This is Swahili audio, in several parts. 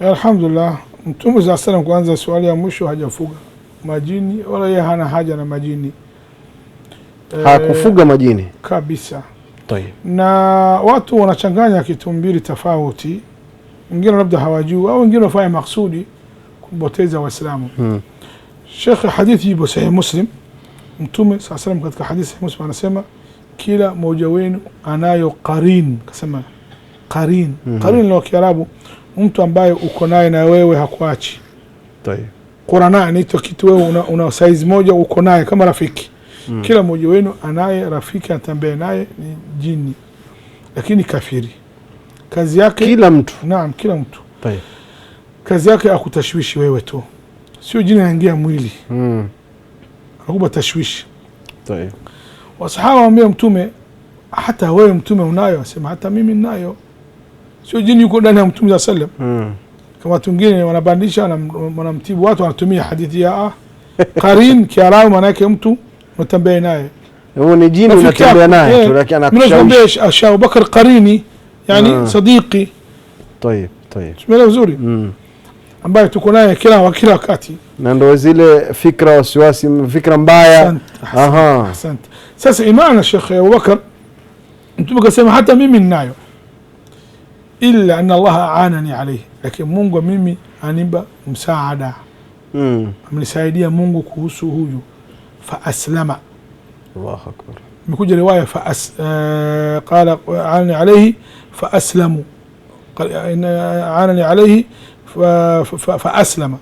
Alhamdulillah, Mtume za salam, kwanza swali ya mwisho, hajafuga majini wala yeye hana haja na majini, eh, hakufuga majini kabisa. Tayeb. Na watu wanachanganya kitu mbili tofauti, wengine labda hawajui au wengine wafanya maksudi kupoteza Waislamu. hmm. Sheikh, hadithi ipo sahihi Muslim, Mtume saa salam katika hadithi sahihi Muslim anasema kila mmoja wenu anayo qarin, kasema qarin. mm -hmm. Qarin ni wa Kiarabu mtu ambaye uko naye na wewe hakuachi Qurana nicho kitu wewe una, una size moja uko naye kama rafiki mm. Kila mmoja wenu anaye rafiki anatembea naye ni jini, lakini kafiri kazi yake kila mtu, naam, kila mtu Taib. Kazi yake akutashwishi wewe tu, sio jini anaingia mwili mm. akuba tashwishi. Wasahaba waambia Mtume, hata wewe Mtume unayo? Asema hata mimi ninayo sio jini yuko ndani ya Mtume saa sallam mm. Kama watu wengine wanabandisha, wanamtibu watu, wanatumia hadithi ya qarin ah, Kiarabu, maana mtu unatembea naye, ni jini unatembea naye tu, eh, lakini anakushawishi Abubakar qarini, yani hmm. sadiqi. Tayeb, tayeb, tumeelewa vizuri hmm. ambayo tuko naye kila wa wakati, na ndio zile fikra wasiwasi, fikra mbaya. asante. Sasa imana Sheikh Abubakar, mtume kasema hata mimi ninayo إلا أن الله أعانني عليه لكن مungu ميمي anipa مساعدة mmm من mungu kuhusu huyu fa aslama الله اكبر بكل روايه فأس... آه، قال عانني عليه فاسلم قال ان عانني عليه فاسلم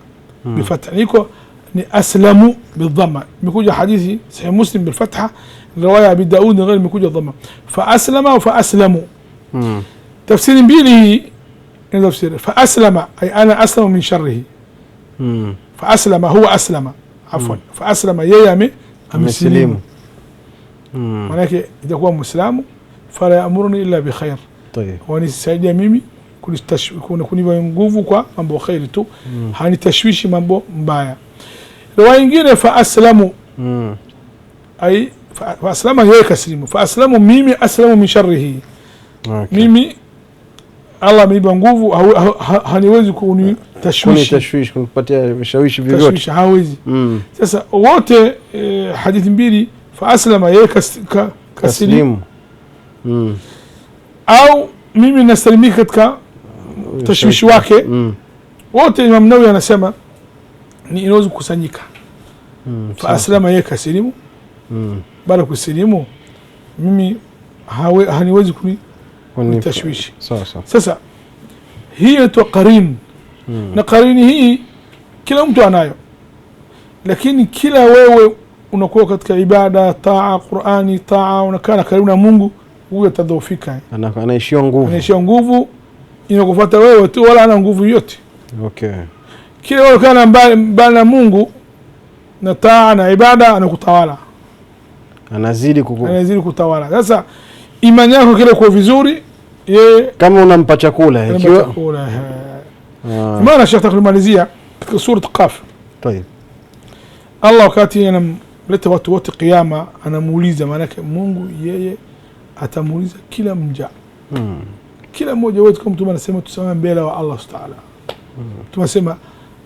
بفتح نيكو ني اسلم بالضمه بكل حديثي صحيح مسلم بالفتحه روايه ابي داوود غير بكل ضمه فاسلم وفاسلم مم. tafsiri mbili hii inatafsiri fa aslama ay ana aslama min sharrihi hmm. fa aslama huwa aslama afwan hmm. fa aslama yeye ame amesilimu mm. manake itakuwa muislamu fala yamuruni illa bi khair wanisaidia mimi kunipa nguvu kwa mambo kheri tu mm. hanitashwishi mambo mbaya riwaya ingine fa aslamu mm. ay fa yeye kasilimu fa aslamu mimi aslamu min sharrihi okay. mimi Allah ameiba nguvu, haniwezi kunitashwishi kunipatia vishawishi vyovyote, hawezi. Mm. Sasa wote eh, hadithi mbili, fa aslama, yeye kasilimu mm. au mimi nasalimika katika tashwishi wake. Mm. Wote Imam Nawawi anasema ni inaweza kukusanyika, fa aslama, yeye kasilimu. Baada kusilimu, mimi haniwezi kuni tashwishi. Sasa hii inaitwa qarin hmm. na qarini hii kila mtu anayo, lakini kila wewe unakuwa katika ibada, taa, Qurani, taa, unakaa karibu na Mungu, huyo atadhoofika, anaishiwa nguvu, anaishiwa nguvu, inakufuata wewe tu, wala ana nguvu yote. Okay, kila wewe kana mbali na Mungu na taa na ibada, anakutawala, anazidi kutawala. Sasa imani yako kile kuwa vizuri yeye kama unampa chakula ikiwa chakula ah. Maana Sheikh takumalizia katika sura Qaf. Tayeb, Allah wakati anamleta watu wote kiyama, anamuuliza maanake Mungu yeye atamuuliza kila mja hmm. Kila mmoja wetu, kama mtume anasema tusimame mbele wa Allah Subhanahu wa ta'ala hmm. Tunasema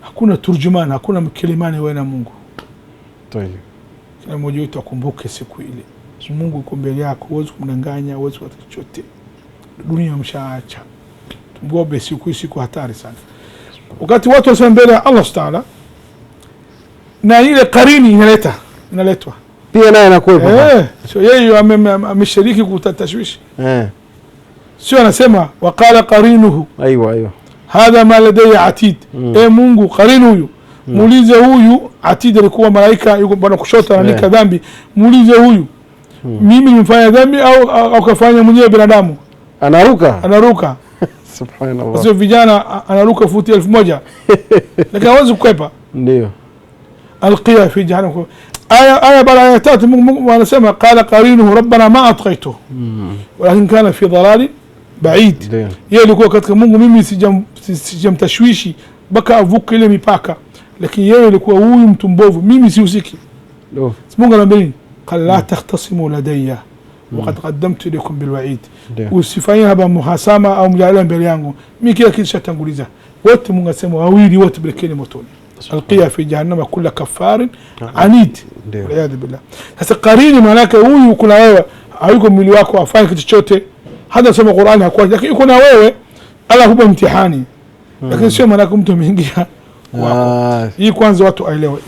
hakuna turjuman, hakuna mkilimani wewe na Mungu. Tayeb, kila mmoja wetu akumbuke siku ile Mungu uko mbele yako, huwezi kumdanganya, huwezi kuchochote dunia mshaacha, tumgope. Siku siku hatari sana, wakati watu wasema mbele ya Allah subhanahu ta'ala, na ile karini inaleta inaletwa pia naye anakuwepo. Eh, sio yeye ameshiriki kutatashwishi eh, sio anasema waqala qarinuhu, aiyo aiyo, hadha ma ladayya atid. Mm. E Mungu, qarinu huyu mm. muulize huyu atid, alikuwa malaika yuko bwana kushoto anaandika eh. dhambi, muulize huyu mm. mimi nimfanya dhambi au akafanya mwenyewe binadamu anaruka anaruka subhanallah, sio vijana, anaruka futi elfu moja lakini hawezi kukwepa. Ndio alqiya fi jahannam. Aya aya bala ya tatu Mungu anasema qala qarinuhu rabbana ma atqaituhu hmm. walakin kana fi dalalin baid, yeye alikuwa katika Mungu, mimi sijamtashwishi baka avuke ile mipaka, lakini yeye alikuwa huyu mtu mbovu, mimi sihusiki. Oh. Mungu anamwambia qala la takhtasimu ladayya Mm. wakad qaddamtu ilaykum bilwaid, usifanye haba muhasama au mjadala mbele yangu, mi kila kitu shatanguliza. Wote Mungu wawili wote pelekeni motoni, alqiya fi jahannama kulla kafarin ah, ah. anid, waliyadhu billah. Sasa qarini, maanake huyu kuna wewe hayuko mwili wako, afanye kitu chochote, hata soma Qur'ani hakuwa, lakini yuko na wewe. Allah hupa mtihani, mm. lakini sio maanake mtu ameingia ah, kwako. Hii kwanza watu aelewe.